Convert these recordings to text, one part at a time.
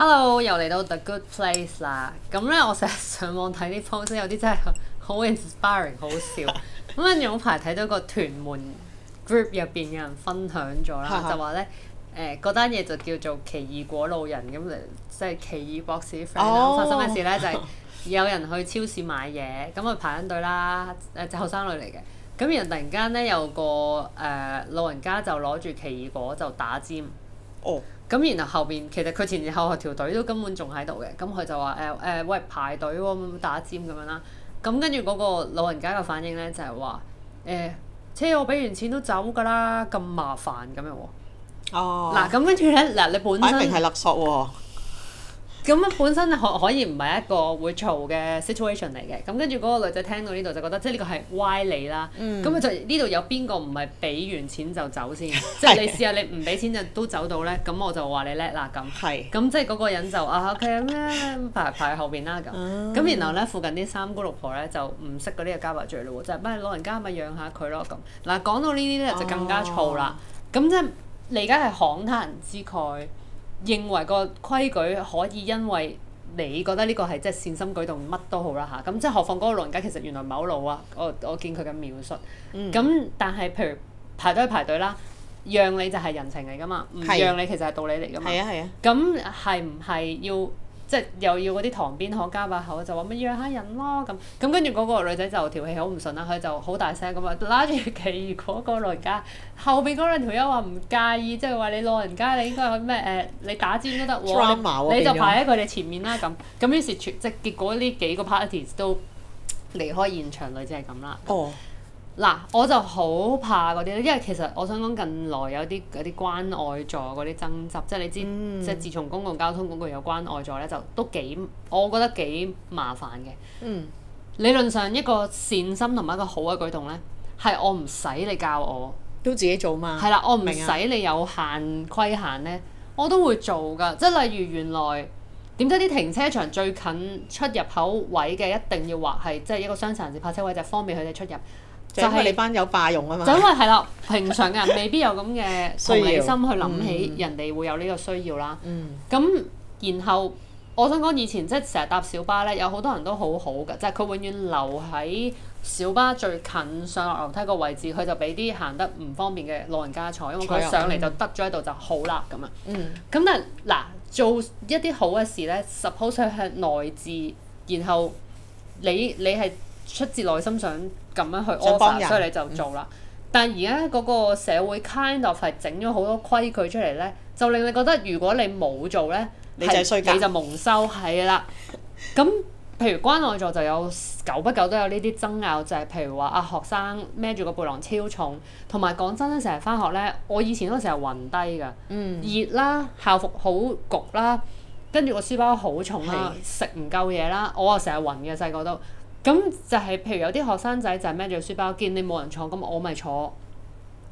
Hello，又嚟到 The Good Place 啦。咁、嗯、咧，我成日上網睇啲 post，有啲真係好 inspiring，好笑。咁啊，有排睇到個屯門 group 入邊嘅人分享咗啦， 就話咧誒，嗰、呃、單嘢就叫做奇異果老人咁嚟、嗯，即係奇異博士 friend 啦。 發生嘅事咧就係、是、有人去超市買嘢，咁佢排緊隊啦，誒就後生女嚟嘅。咁然後突然間咧，有個誒、呃、老人家就攞住奇異果就打尖。哦。Oh. 咁然後後邊其實佢前前後後條隊都根本仲喺度嘅，咁佢就話誒誒喂排隊喎，打尖咁樣啦。咁跟住嗰個老人家嘅反應咧就係話誒，車我俾完錢都走㗎啦，咁麻煩咁樣喎。哦。嗱咁跟住咧，嗱你本身定係係勒索喎、哦。咁本身可可以唔係一個會嘈嘅 situation 嚟嘅，咁跟住嗰個女仔聽到呢度就覺得即係呢個係歪理啦，咁咪就呢度有邊個唔係俾完錢就走先？即係你試下你唔俾錢就都走到咧，咁我就話你叻啦咁，係，咁即係嗰個人就啊 OK 咩排排後邊啦咁，咁然後咧附近啲三姑六婆咧就唔識嗰啲嘅交白罪嘞喎，就咩老人家咪養下佢咯咁。嗱講到呢啲咧就更加嘈啦，咁即係你而家係慷他人之慨。認為個規矩可以因為你覺得呢個係即係善心舉動，乜都好啦嚇。咁即係何況嗰個老人家其實原來唔係好老啊。我我見佢嘅描述。咁、嗯、但係譬如排隊排隊啦，讓你就係人情嚟㗎嘛，唔讓你其實係道理嚟㗎嘛。係啊係啊。咁係唔係要？即係又要嗰啲塘邊可加把口，就話咪讓下人咯咁。咁跟住嗰個女仔就條氣好唔順啦，佢就好大聲咁話，拉住企嗰個老人家後邊嗰兩條友話唔介意，即係話你老人家你應該去咩誒、呃？你打尖都得喎， 你就排喺佢哋前面啦咁。咁於是全即係結果呢幾個 parties 都離開現場，女仔係咁啦。哦。嗱，我就好怕嗰啲咧，因為其實我想講近來有啲啲關愛座嗰啲爭執，即係你知，嗯、即係自從公共交通工具有關愛座咧，就都幾我覺得幾麻煩嘅。嗯，理論上一個善心同埋一個好嘅舉動咧，係我唔使你教我，都自己做嘛。係啦，我唔使你有限規限咧，白啊、我都會做㗎。即係例如原來點解啲停車場最近出入口位嘅一定要話係即係一個傷殘人士泊車位，就係、方便佢哋出入。就係你班有霸用啊嘛，就係、因為係啦，平常嘅人未必有咁嘅同理心去諗起人哋會有呢個需要啦。嗯，咁然後我想講以前即係成日搭小巴呢，有好多人都好好嘅，即係佢永遠留喺小巴最近上落樓梯個位置，佢就俾啲行得唔方便嘅老人家坐，因為佢上嚟就得咗喺度就好啦咁樣。嗯，咁但嗱做一啲好嘅事呢，咧，好想係內置，然後你你係。出自內心想咁樣去 offer 所以你就做啦。但而家嗰個社會 kind of 係整咗好多規矩出嚟咧，就令你覺得如果你冇做咧，你就你就蒙羞，係啦。咁譬如關愛座就有久不久都有呢啲爭拗，就係譬如話啊學生孭住個背囊超重，同埋講真咧，成日翻學咧，我以前都成日暈低㗎。嗯，熱啦，校服好焗啦，跟住個書包好重，食唔夠嘢啦，我啊成日暈嘅細個都。咁就係譬如有啲學生仔就孭住書包，見你冇人坐，咁我咪坐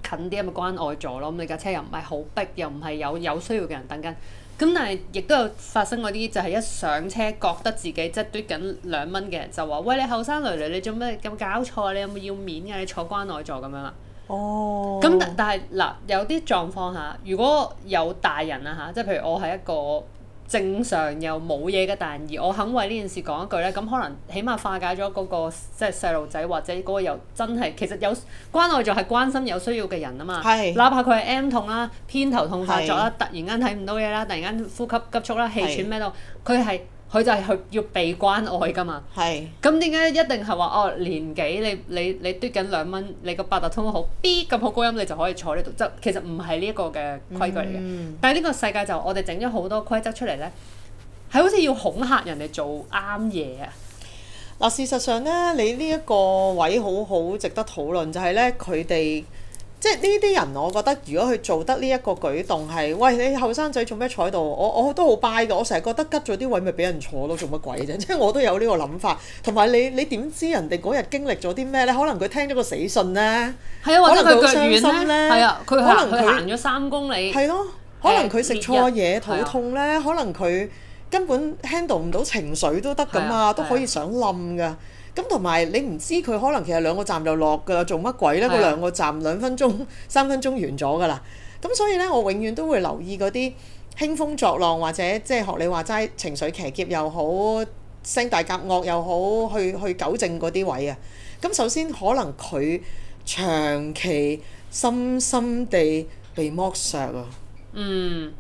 近啲，咪關愛座咯。咁你架車又唔係好逼，又唔係有有需要嘅人等緊。咁但係亦都有發生嗰啲，就係一上車覺得自己即係嘟緊兩蚊嘅人，就話喂，你後生女女，你做咩咁搞錯？你有冇要面㗎？你坐關愛座咁樣啦。哦。咁但但係嗱，有啲狀況下，如果有大人啦嚇，即係譬如我係一個。正常又冇嘢嘅，但而我肯為呢件事講一句咧，咁可能起碼化解咗嗰個即係細路仔或者嗰個又真係其實有關愛就係關心有需要嘅人啊嘛，是哪怕佢係 M 痛啦、偏頭痛發作啦是、突然間睇唔到嘢啦、突然間呼吸急促啦、氣喘咩都，佢係是。佢就係佢要被關愛噶嘛，咁點解一定係話哦年紀你你你嘟緊兩蚊，你個八達通好 B 咁好高音，你就可以坐呢度？即其實唔係呢一個嘅規矩嚟嘅，嗯、但係呢個世界就我哋整咗好多規則出嚟呢，係好似要恐嚇人哋做啱嘢啊！嗱，事實上呢，你呢一個位好好值得討論，就係、是、呢佢哋。即係呢啲人，我覺得如果佢做得呢一個舉動係，喂，你後生仔做咩坐喺度？我我都好 buy 㗎，我成日覺得吉咗啲位咪俾人坐咯，做乜鬼啫？即係我都有呢個諗法。同埋你你點知人哋嗰日經歷咗啲咩咧？可能佢聽咗個死訊咧，係啊，可能佢傷心咧，係啊，佢可能佢行咗三公里，係咯，可能佢食錯嘢，肚痛咧，可能佢根本 handle 唔到情緒都得㗎嘛，都可以想冧㗎。咁同埋你唔知佢可能其實兩個站就落㗎，做乜鬼呢？嗰係呀，兩個站兩分鐘、三分鐘完咗㗎啦。咁所以呢，我永遠都會留意嗰啲興風作浪或者即係學你話齋情緒騎劫又好、聲大夾惡又好，去去糾正嗰啲位啊。咁首先可能佢長期深深地被剝削啊。嗯，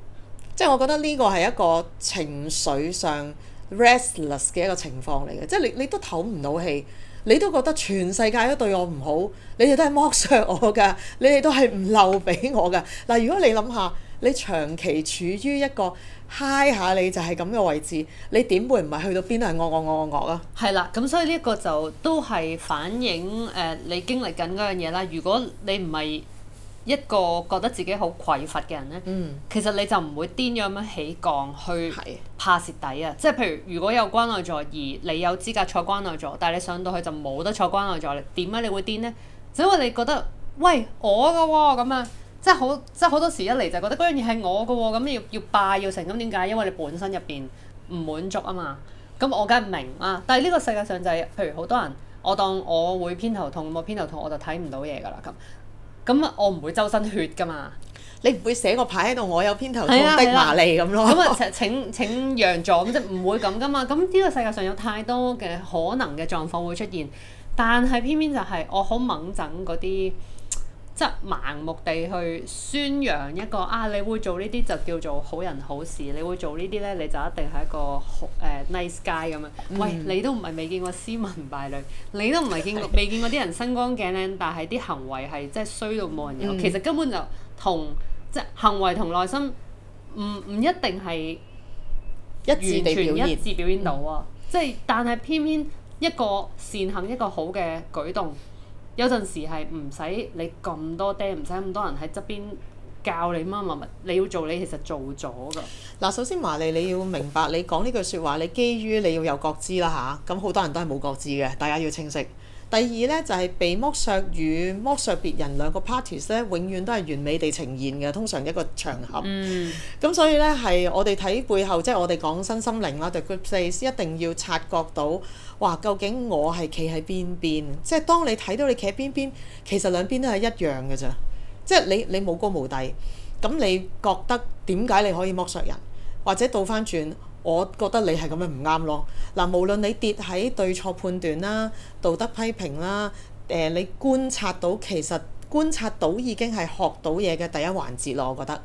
即係我覺得呢個係一個情緒上。Restless 嘅一個情況嚟嘅，即係你你都唞唔到氣，你都覺得全世界都對我唔好，你哋都係剝削我噶，你哋都係唔漏俾我噶。嗱，如果你諗下，你長期處於一個嗨一下，你就係咁嘅位置，你點會唔係去到邊度係惡惡惡惡惡啊？係啦，咁所以呢一個就都係反映誒、呃、你經歷緊嗰樣嘢啦。如果你唔係，一個覺得自己好匱乏嘅人咧，嗯、其實你就唔會癲咗咁樣起降去怕蝕底啊！即係是的 譬如，如果有關愛座而你有資格坐關愛座，但係你上到去就冇得坐關愛座，你點解？你會癲呢？只因為你覺得喂我嘅喎咁樣，即係好即係好多時一嚟就覺得嗰、哦、樣嘢係我嘅喎，咁要要霸要成咁點解？因為你本身入邊唔滿足啊嘛。咁我梗係唔明啦。但係呢個世界上就係、是、譬如好多人，我當我會偏頭，頭痛，我偏頭痛我就睇唔到嘢㗎啦咁。咁我唔會周身血噶嘛，你唔會寫個牌喺度，我有偏頭痛、啊，低麻脣咁咯。咁啊 請請請讓座咁啫，唔會咁噶嘛。咁呢個世界上有太多嘅可能嘅狀況會出現，但係偏偏就係我好猛憎嗰啲。即盲目地去宣揚一個啊，你會做呢啲就叫做好人好事，你會做呢啲呢，你就一定係一個好誒 nice guy 咁樣。喂，你都唔係未見過斯文敗類，你都唔係見過未見過啲人身光頸靚，但係啲行為係真係衰到冇人有。其實根本就同即行為同內心唔唔一定係完全一致地表現。一致表現到啊！即但係偏偏一個善行一個好嘅舉動。有陣時係唔使你咁多爹，唔使咁多人喺側邊教你乜乜乜，你要做你其實做咗㗎。嗱，首先麻利，你要明白你講呢句説話，你基於你要有覺知啦吓，咁好多人都係冇覺知嘅，大家要清晰。第二呢，就係、是、被剝削與剝削別人兩個 parties 咧，永遠都係完美地呈現嘅，通常一個場合。咁、嗯、所以呢，係我哋睇背後，即係我哋講身心靈啦 the good place 一定要察覺到，哇！究竟我係企喺邊邊？即係當你睇到你企喺邊邊，其實兩邊都係一樣嘅咋。即係你你無高無低，咁你覺得點解你可以剝削人，或者倒翻轉？我覺得你係咁樣唔啱咯。嗱，無論你跌喺對錯判斷啦、道德批評啦，誒、呃，你觀察到其實觀察到已經係學到嘢嘅第一環節咯，我覺得。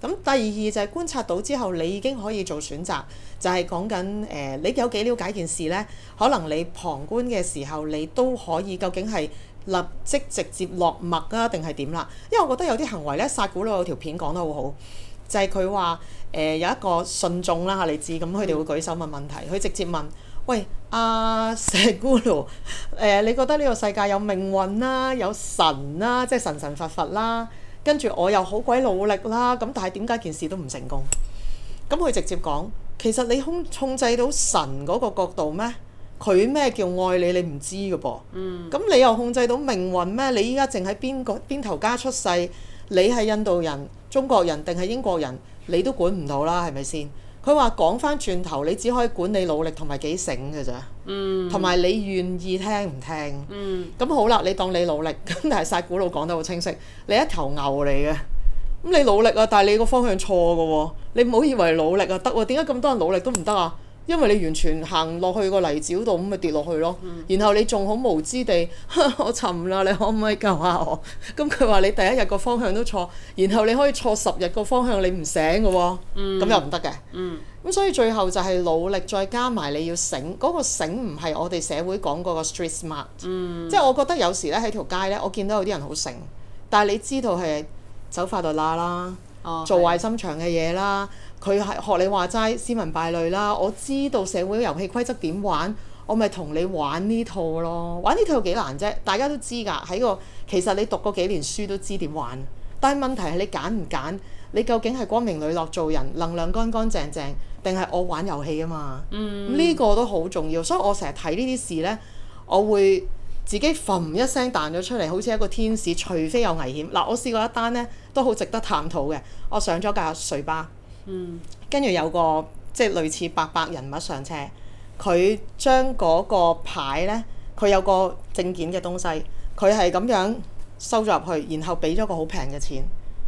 咁第二就係、是、觀察到之後，你已經可以做選擇，就係講緊誒，你有幾了解件事呢。可能你旁觀嘅時候，你都可以究竟係立即直接落墨啊，定係點啦？因為我覺得有啲行為呢，薩古魯有條片講得好好。就係佢話誒有一個信眾啦嚇你知，咁佢哋會舉手問問題，佢直接問：喂阿、啊、蛇咕嚕、呃、你覺得呢個世界有命運啦，有神啦，即係神神佛佛啦，跟住我又好鬼努力啦，咁但係點解件事都唔成功？咁佢直接講：其實你控控制到神嗰個角度咩？佢咩叫愛你？你唔知嘅噃。嗯。咁你又控制到命運咩？你依家淨喺邊個邊頭家出世？你係印度人、中國人定係英國人，你都管唔到啦，係咪先？佢話講翻轉頭，你只可以管你努力同埋幾醒嘅咋，嗯，同埋你願意聽唔聽，嗯，咁好啦，你當你努力，咁但係晒古老講得好清晰，你一頭牛嚟嘅，咁你努力啊，但係你個方向錯嘅喎，你唔好以為努力啊得喎，點解咁多人努力都唔得啊？因為你完全行落去個泥沼度咁咪跌落去咯，嗯、然後你仲好無知地，呵呵我沉啦，你可唔可以救下我？咁佢話你第一日個方向都錯，然後你可以錯十日個方向你唔醒嘅喎，咁又唔得嘅。咁、嗯嗯、所以最後就係努力，再加埋你要醒，嗰、嗰個醒唔係我哋社會講嗰個 street smart、嗯。即係我覺得有時咧喺條街咧，我見到有啲人好醒，但係你知道係走法律罅啦，哦、做壞心腸嘅嘢啦。嗯嗯嗯。佢係學你話齋，斯文敗類啦。我知道社會遊戲規則點玩，我咪同你玩呢套咯。玩呢套有幾難啫、啊？大家都知㗎，喺個其實你讀過幾年書都知點玩。但係問題係你揀唔揀？你究竟係光明磊落做人，能量乾乾淨淨，定係我玩遊戲啊嘛？咁呢、嗯、個都好重要。所以我成日睇呢啲事呢，我會自己揈一聲彈咗出嚟，好似一個天使。除非有危險嗱，我試過一單呢，都好值得探討嘅。我上咗架水吧。嗯、跟住有個即係類似八百,百人物上車，佢將嗰個牌呢，佢有個證件嘅東西，佢係咁樣收咗入去，然後俾咗個好平嘅錢。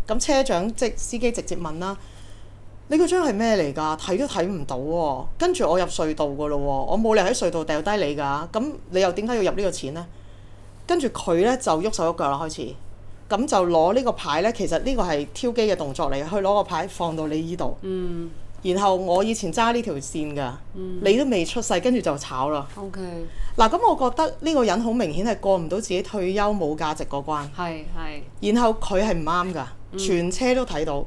咁車長即司機直接問啦：嗯、你嗰張係咩嚟㗎？睇都睇唔到喎，哦。跟住我入隧道㗎咯喎，我冇理由喺隧道掉低你㗎，咁你又點解要入呢個錢呢？跟住佢呢，就喐手喐腳啦，開始。咁就攞呢個牌呢，嗯、其實呢個係挑機嘅動作嚟，去攞個牌放到你呢度。嗯。然後我以前揸呢條線㗎，嗯、你都未出世，跟住就炒啦。O Okay . K、啊。嗱、嗯，咁我覺得呢個人好明顯係過唔到自己退休冇價值嗰關。係係。然後佢係唔啱㗎，全車都睇到，嗯、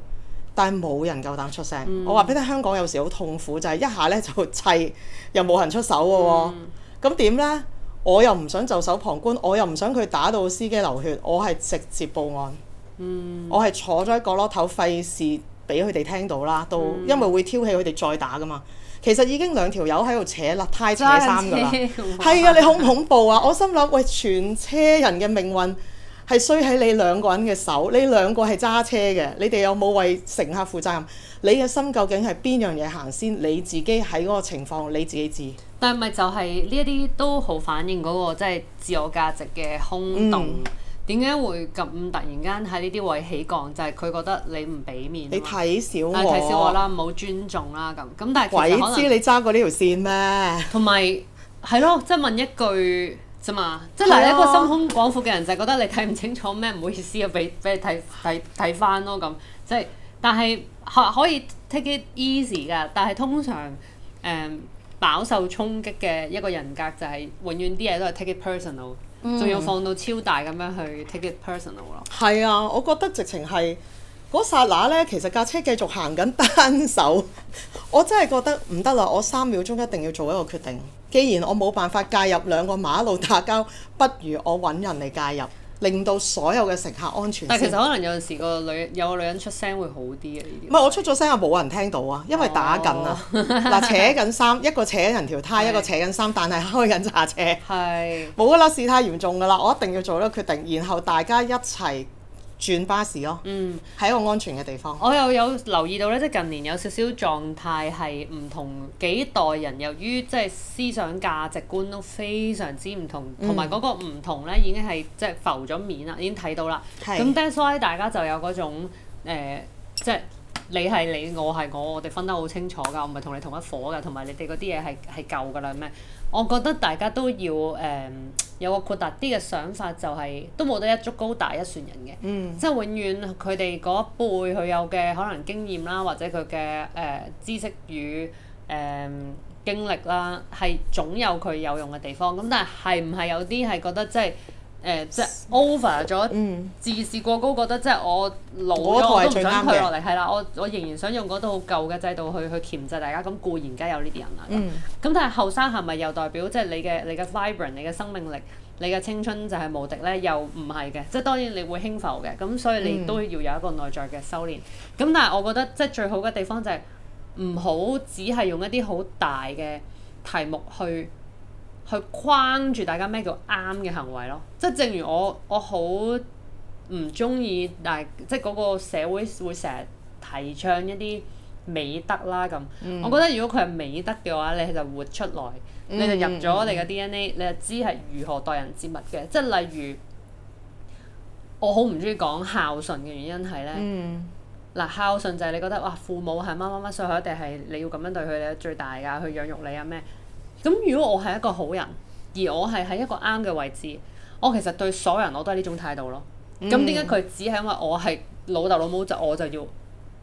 但係冇人夠膽出聲。嗯、我話俾你聽，香港有時好痛苦，就係、係、一下呢就砌，又冇人出手喎。咁點、嗯嗯、呢？我又唔想袖手旁觀，我又唔想佢打到司機流血，我係直接報案。嗯，我係坐咗喺角落頭，費事俾佢哋聽到啦，都因為會挑起佢哋再打噶嘛。其實已經兩條友喺度扯啦，太扯衫噶啦，係啊是了，你恐唔恐怖啊？我心諗，喂，全車人嘅命運係衰喺你兩個人嘅手，你兩個係揸車嘅，你哋有冇為乘客負責任？你嘅心究竟係邊樣嘢行先？你自己喺嗰個情況，你自己知。」但係咪就係呢一啲都好反映嗰、那個即係、就是、自我價值嘅空洞？點解、嗯、會咁突然間喺呢啲位起降？就係、是、佢覺得你唔俾面，你睇小我，睇小我啦，冇尊重啦咁。咁但係鬼知你揸過呢條線咩？同埋係咯，即、就、係、是、問一句啫嘛。即係嗱，就是、你一個心胸廣闊嘅人，就係覺得你睇唔清楚咩？唔好意思啊，俾俾你睇睇睇翻咯咁。即係、就是、但係可以 take it easy 噶，但係通常誒。嗯飽受衝擊嘅一個人格就係、是、永遠啲嘢都係 take it personal，仲要、嗯、放到超大咁樣去 take it personal 咯。係啊，我覺得直情係嗰剎那呢，其實架車繼續行緊單手，我真係覺得唔得啦！我三秒鐘一定要做一個決定。既然我冇辦法介入兩個馬路打交，不如我揾人嚟介入。令到所有嘅乘客安全。但其實可能有陣時個女有個女人出聲會好啲嘅呢啲。唔係我出咗聲啊，冇人聽到啊，因為打緊啊，嗱、哦、 扯緊衫，一個扯緊人條呔，是的 一個扯緊衫，但係開緊叉車。係是的。冇啦，事態嚴重㗎啦，我一定要做咗決定，然後大家一齊。轉巴士咯、哦，嗯，喺一個安全嘅地方。我又有留意到咧，即近年有少少狀態係唔同幾代人，由於即思想價值觀都非常之唔同，嗯、同埋嗰個唔同咧，已經係即浮咗面啦，已經睇到啦。咁 That's why 大家就有嗰種誒、呃，即。你係你，我係我，我哋分得好清楚㗎，我唔係同你同一伙㗎，同埋你哋嗰啲嘢係係舊㗎啦咩？我覺得大家都要誒、呃、有個豁達啲嘅想法、就係，就係都冇得一足高大一船人嘅，嗯、即係永遠佢哋嗰一輩佢有嘅可能經驗啦，或者佢嘅誒知識與誒、呃、經歷啦，係總有佢有用嘅地方。咁但係係唔係有啲係覺得即、就、係、係？誒、呃、即係 over 咗，嗯、自視過高，覺得即係我老咗我都唔想退落嚟，係啦，我我仍然想用嗰套舊嘅制度去去牽制大家，咁固然梗有呢啲人啦。咁、嗯、但係後生係咪又代表即係你嘅你嘅 vibrant，你嘅生命力，你嘅青春就係無敵呢？又唔係嘅，即係當然你會輕浮嘅，咁所以你都要有一個內在嘅修煉。咁、嗯嗯、但係我覺得即係最好嘅地方就係唔好只係用一啲好大嘅題目去。去框住大家咩叫啱嘅行為咯，即係正如我我好唔中意，但即係嗰個社會會成日提倡一啲美德啦咁。我覺得如果佢係美德嘅話，你就活出來，你就入咗我哋嘅 DNA，你就知係如何待人接物嘅。即係例如我好唔中意講孝順嘅原因係呢。嗱孝順就係你覺得哇父母係乜乜乜所以，一定係你要咁樣對佢咧，最大㗎，去養育你啊咩？咁如果我係一個好人，而我係喺一個啱嘅位置，我其實對所有人我都係呢種態度咯。咁點解佢只係因為我係老豆老母就我就要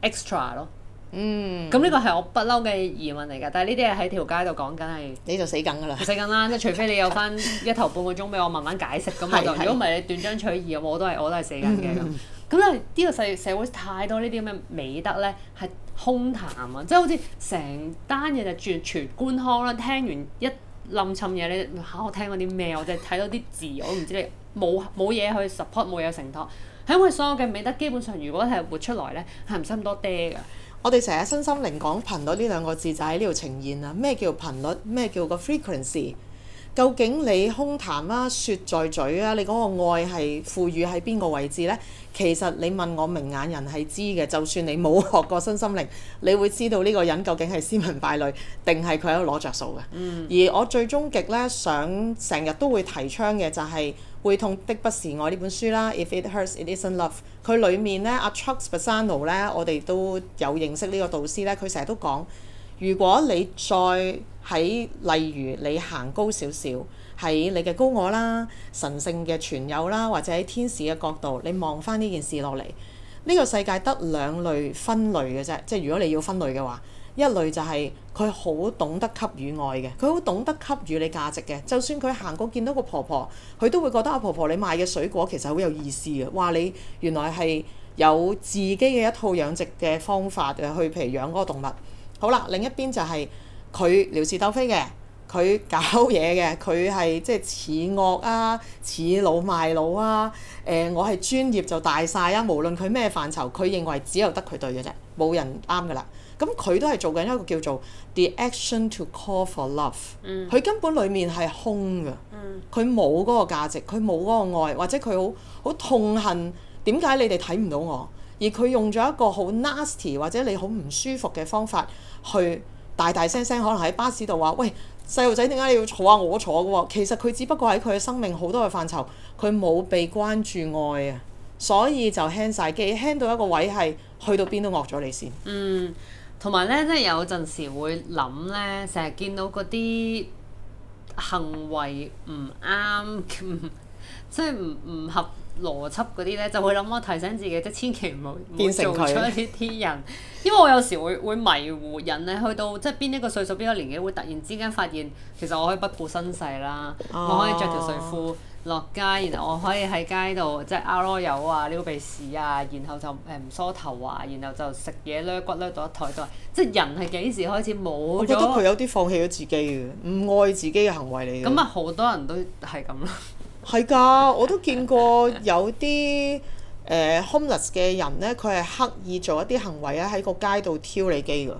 extra 咯？嗯。咁呢個係我不嬲嘅疑問嚟㗎，但係呢啲嘢喺條街度講緊係你就死梗㗎啦。死梗啦！即係除非你有返一頭半個鐘俾我慢慢解釋咁 我就。如果唔係你斷章取義啊，我都係我都係死梗嘅咁。咁咧呢個世社會太多呢啲咁嘅美德咧係。空談啊，即係好似成單嘢就轉全官腔啦。聽完一冧冧嘢你嚇我聽過啲咩？我即係睇到啲字，我都唔知你冇冇嘢去 support，冇嘢承托。喺我為所有嘅美德基本上，如果係活出來呢，係唔使咁多爹㗎。我哋成日身心靈講頻率呢兩個字就喺呢度呈現啊。咩叫頻率？咩叫個 frequency？究竟你空談啊，説在嘴啊，你嗰個愛係賦予喺邊個位置呢？其實你問我，明眼人係知嘅，就算你冇學過身心靈，你會知道呢個人究竟係斯文敗類定係佢喺度攞着數嘅。嗯、而我最終極咧想成日都會提倡嘅就係《會痛的不是愛》呢本書啦，《If It Hurts It Isn't Love》。佢裡面咧阿 Chuck Spe、嗯、zzano 咧，我哋都有認識呢個導師咧，佢成日都講，如果你再喺例如你行高少少。喺你嘅高我啦、神聖嘅存有啦，或者喺天使嘅角度，你望翻呢件事落嚟，呢、這個世界得兩類分類嘅啫。即係如果你要分類嘅話，一類就係佢好懂得給予愛嘅，佢好懂得給予你價值嘅。就算佢行過見到個婆婆，佢都會覺得阿、啊、婆婆你賣嘅水果其實好有意思嘅。話你原來係有自己嘅一套養殖嘅方法去培養嗰個動物。好啦，另一邊就係佢撩是鬥非嘅。佢搞嘢嘅，佢係即係恃惡啊、恃老賣老啊。誒、呃，我係專業就大晒啊！無論佢咩範疇，佢認為只有得佢對嘅啫，冇人啱噶啦。咁佢都係做緊一個叫做 The Action to Call for Love。嗯。佢根本裡面係空㗎。佢冇嗰個價值，佢冇嗰個愛，或者佢好好痛恨點解你哋睇唔到我，而佢用咗一個好 nasty 或者你好唔舒服嘅方法去大大聲聲，可能喺巴士度話喂。細路仔點解要坐下我坐嘅喎，其實佢只不過喺佢嘅生命好多嘅範疇，佢冇被關注愛啊，所以就輕晒。幾輕到一個位係去到邊都惡咗你先。嗯，同埋咧，即係有陣時會諗咧，成日見到嗰啲行為唔啱，即係唔唔合。邏輯嗰啲咧，就會諗我提醒自己啫，千祈唔好變成咗呢啲人。因為我有時會會迷糊人咧，去到即係邊一個歲數、邊一個年紀，會突然之間發現，其實我可以不顧身世啦，我可以着條睡褲落街，然後我可以喺街度即係阿籮柚啊、撩鼻屎啊，然後就誒唔梳頭啊，然後就食嘢咧、骨甩到一枱都係。即係人係幾時開始冇咗？我覺得佢有啲放棄咗自己嘅，唔愛自己嘅行為嚟嘅。咁啊，好多人都係咁咯。係㗎，我都見過有啲誒、呃、homeless 嘅人呢，佢係刻意做一啲行為咧，喺個街度挑你機㗎。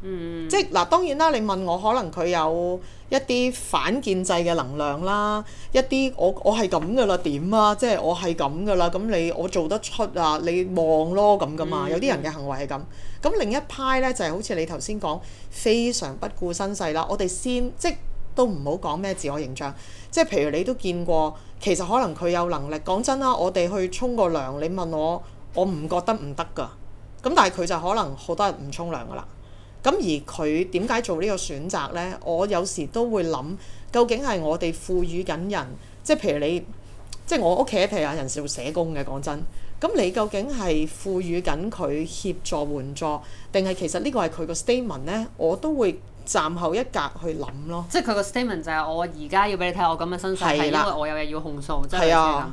嗯、即係嗱，當然啦。你問我，可能佢有一啲反建制嘅能量啦，一啲我我係咁㗎啦，點啊？即係我係咁㗎啦。咁你我做得出啊？你望咯咁㗎嘛？嗯、有啲人嘅行為係咁。咁、嗯、另一派呢，就係、係、好似你頭先講，非常不顧身世啦。我哋先即都唔好講咩自我形象，即係譬如你都見過。其實可能佢有能力講真啦，我哋去沖個涼，你問我，我唔覺得唔得㗎。咁但係佢就可能好多人唔沖涼㗎啦。咁而佢點解做呢個選擇呢？我有時都會諗，究竟係我哋賦予緊人，即係譬如你，即係我屋企譬如啊，人事做社工嘅，講真。咁你究竟係賦予緊佢協助援助，定係其實呢個係佢個 statement 呢？我都會，站後一格去諗咯，即係佢個 statement 就係、是、我而家要俾你睇我咁嘅身世，係因為我有嘢要控訴，真係咁，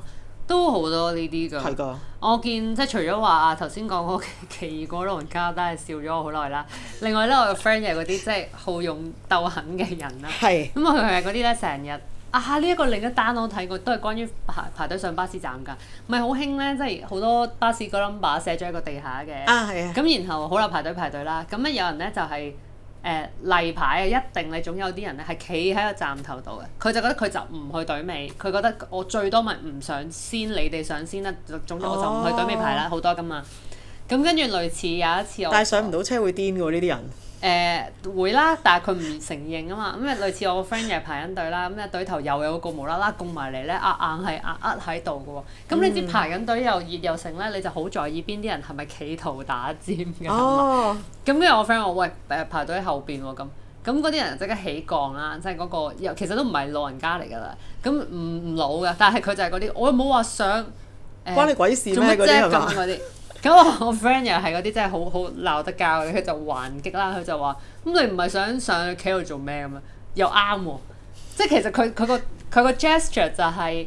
都好多呢啲㗎。 嗯嗯、我見即係除咗話頭先講嗰奇異果老人家都係笑咗我好耐啦。另外咧，我個 friend 又係嗰啲即係好勇鬥狠嘅人啦。咁佢係嗰啲咧，成日啊，呢一個另一單我睇過，都係關於排排隊上巴士站㗎。唔係好興咧，即係好多巴士個 number 寫咗喺個地下嘅。咁、啊、然後好啦，排隊排隊啦。咁咧有人咧就係、是。呃嗯呃、例牌啊，一定你總有啲人咧係企喺個站頭度嘅，佢就覺得佢就唔去隊尾，佢覺得我最多咪唔上先，你哋上先啦，總之我就唔去隊尾排啦，好、哦、多噶嘛。咁跟住類似有一次我，但係上唔到車會癲嘅喎，呢啲人。誒、呃、會啦，但係佢唔承認啊嘛。咁啊，類似我個 friend 又係排緊隊啦。咁啊，隊頭又有個無啦啦拱埋嚟咧，壓、啊、硬係壓呃喺度㗎喎。咁、啊、你知排緊隊又熱又盛咧，你就好在意邊啲人係咪企圖打尖嘅。咁跟住我 friend 話：喂，誒排隊喺後邊喎、喔。咁咁嗰啲人即刻起槓啦，即係嗰、嗰個又其實都唔係老人家嚟㗎啦。咁唔唔老㗎，但係佢就係嗰啲，我冇話想誒、呃、關你鬼事咩嗰啲咁我我 friend 又係嗰啲真係好好鬧得交嘅，佢就還擊啦。佢就話：咁你唔係想上去企度做咩咁啊？又啱喎、哦，即係其實佢佢個佢個 gesture 就係、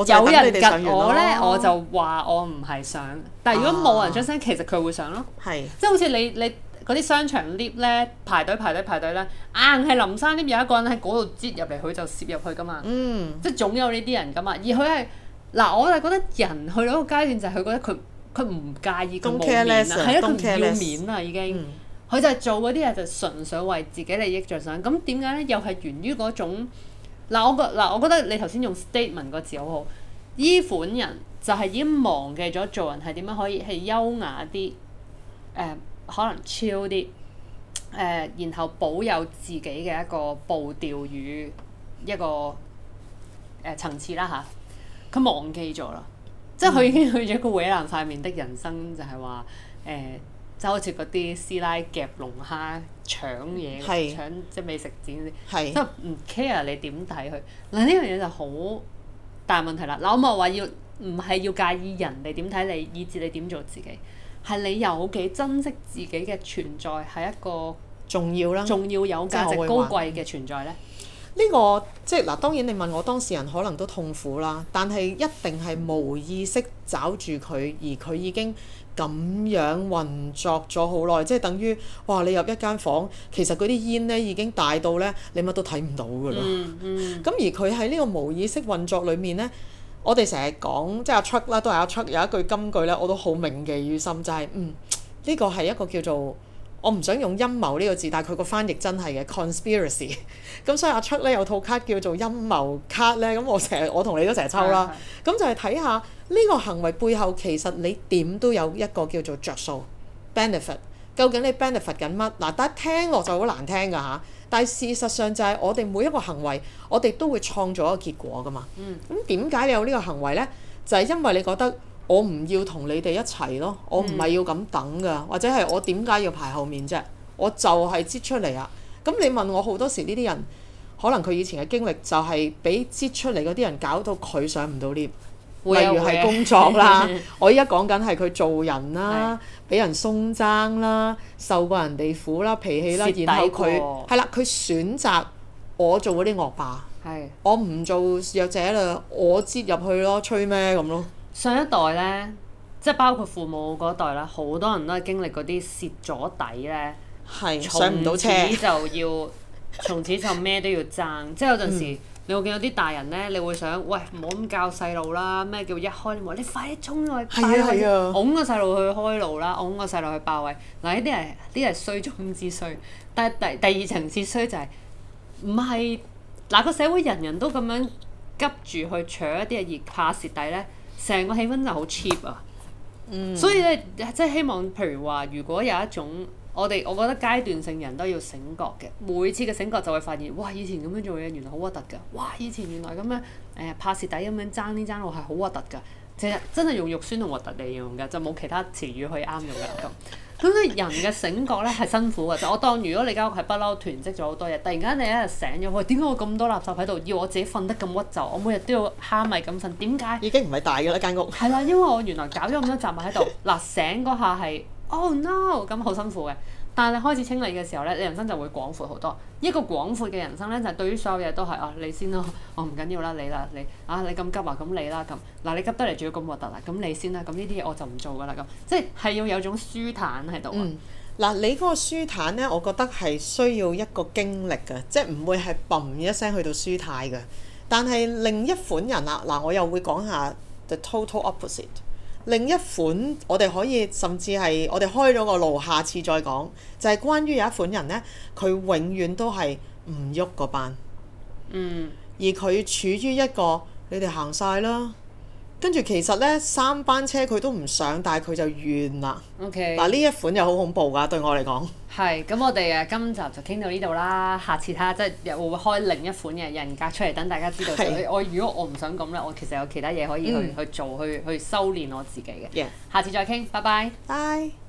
是、最有人入我咧，我就話我唔係想。但係如果冇人出聲，啊、其實佢會想咯。係是。即係好似你你啲商場 lift 咧，排隊排隊排隊咧，硬係林生 l ip, 有一個人喺嗰度擠入嚟，佢就攝入去噶嘛。嗯。即係總有呢啲人噶嘛，而佢係嗱，我就覺得人去到一個階段就係佢覺得佢。佢唔介意咁冇面啦，咁丟、啊、面啦已經。佢、嗯、就係做嗰啲嘢就純粹為自己利益著想。咁點解咧？又係源於嗰種嗱，我嗱我覺得你頭先用 statement 個字好好。依款人呢款人就係已經忘記咗做人係點樣可以係優雅啲，誒、呃、可能 chill 啲，誒、呃、然後保有自己嘅一個步調與一個誒層次啦嚇。佢、啊、忘記咗啦。嗯、即係佢已經去咗個搲爛塊面的人生就、呃，就係話誒，即係好似嗰啲師奶夾龍蝦搶嘢，搶，是 搶即係美食展，是 即係唔 care 你點睇佢。嗱，呢樣嘢就好大問題啦！嗱，我唔係話要唔係要介意人哋點睇你，以至你點做自己，係你有幾珍惜自己嘅存在係一個重要啦，重要有價值高貴嘅存在咧。呢、這個即係嗱，當然你問我當事人可能都痛苦啦，但係一定係無意識找住佢，而佢已經咁樣運作咗好耐，即係等於哇！你入一間房，其實嗰啲煙呢已經大到呢，你乜都睇唔到㗎啦。嗯嗯。咁而佢喺呢個無意識運作裡面呢，我哋成日講即係阿出啦，都係阿出有一句金句呢，我都好銘記於心，就係、是、嗯，呢、這個係一個叫做。我唔想用陰謀呢個字，但係佢個翻譯真係嘅 conspiracy。咁 Cons pir、 嗯、所以阿出咧有套卡叫做陰謀卡咧，咁我成日我同你都成日抽啦。咁 就係睇下呢、呢個行為背後其實你點都有一個叫做著數 benefit。究竟你 benefit 緊乜？嗱、啊，大家聽落就好難聽㗎吓、啊。但係事實上就係我哋每一個行為，我哋都會創造一個結果㗎嘛。咁點解你有呢個行為咧？就係、係、因為你覺得。我唔要同你哋一齊咯，我唔係要咁等噶，或者係我點解要排後面啫？我就係擠出嚟啊！咁你問我好多時，呢啲人可能佢以前嘅經歷就係俾擠出嚟嗰啲人搞到佢上唔到 lift，例如係工作啦。我依家講緊係佢做人啦，俾人鬆踭啦，受過人哋苦啦，脾氣啦，然後佢係啦，佢選擇我做嗰啲惡霸，我唔做弱者啦，我擠入去咯，吹咩咁咯？上一代咧，即係包括父母嗰代啦，好多人都係經歷嗰啲蝕咗底咧，是上唔到車從此就要 從此就咩都要爭。即係有陣時，嗯、你會見到啲大人咧，你會想喂唔好咁教細路啦，咩叫一開你，你快啲衝入、啊啊，但係拱個細路去開路啦，拱個細路去爆位嗱。呢啲人呢啲係衰中之衰，但係第第二層次衰就係唔係嗱個社會人人都咁樣急住去搶一啲嘢而怕蝕底咧。成個氣氛就好 cheap 啊，嗯、所以咧，即係希望，譬如話，如果有一種，我哋我覺得階段性人都要醒覺嘅，每次嘅醒覺就會發現，哇！以前咁樣做嘢原來好核突㗎，哇！以前原來咁樣誒怕蝕底咁樣爭呢爭，落係好核突㗎，其實真係用肉酸同核突嚟形容㗎，就冇其他詞語可以啱用㗎咁。 咁咧，人嘅醒覺咧係辛苦嘅，就 我當如果你間屋係不嬲囤積咗好多嘢，突然間你一日醒咗，喂，點解我咁多垃圾喺度？要我自己瞓得咁屈就，我每日都要蝦米咁瞓，點解？已經唔係大嘅啦間屋。係啦，因為我原來搞咗咁多雜物喺度，嗱，醒嗰下係 oh no 咁，好辛苦嘅。但係你開始清理嘅時候咧，你人生就會廣闊好多。一個廣闊嘅人生咧，就係、是、對於所有嘢都係啊，你先咯，我唔緊要啦，你啦，你啊，你咁急啊，咁你啦咁。嗱、啊，你急得嚟仲要咁核突啊，咁你先啦，咁呢啲嘢我就唔做㗎啦咁。即係係要有種舒坦喺度。嗱，你嗰個舒坦咧，我覺得係需要一個經歷嘅，即係唔會係砰一聲去到舒泰嘅。但係另一款人啊，嗱、啊，我又會講下 the total opposite。另一款，我哋可以甚至係我哋開咗個路，下次再講，就係、是、關於有一款人呢，佢永遠都係唔喐嗰班。嗯。而佢處於一個你哋行晒啦。跟住其實咧，三班車佢都唔上，但係佢就怨啦。OK，嗱呢一款又好恐怖㗎，對我嚟講。係，咁我哋誒今集就傾到呢度啦。下次睇下，即係又會，會開另一款嘅人格出嚟，等大家知道。是我如果我唔想咁咧，我其實有其他嘢可以去、mm. 去做，去去修煉我自己嘅。Yeah. 下次再傾，拜拜。Bye.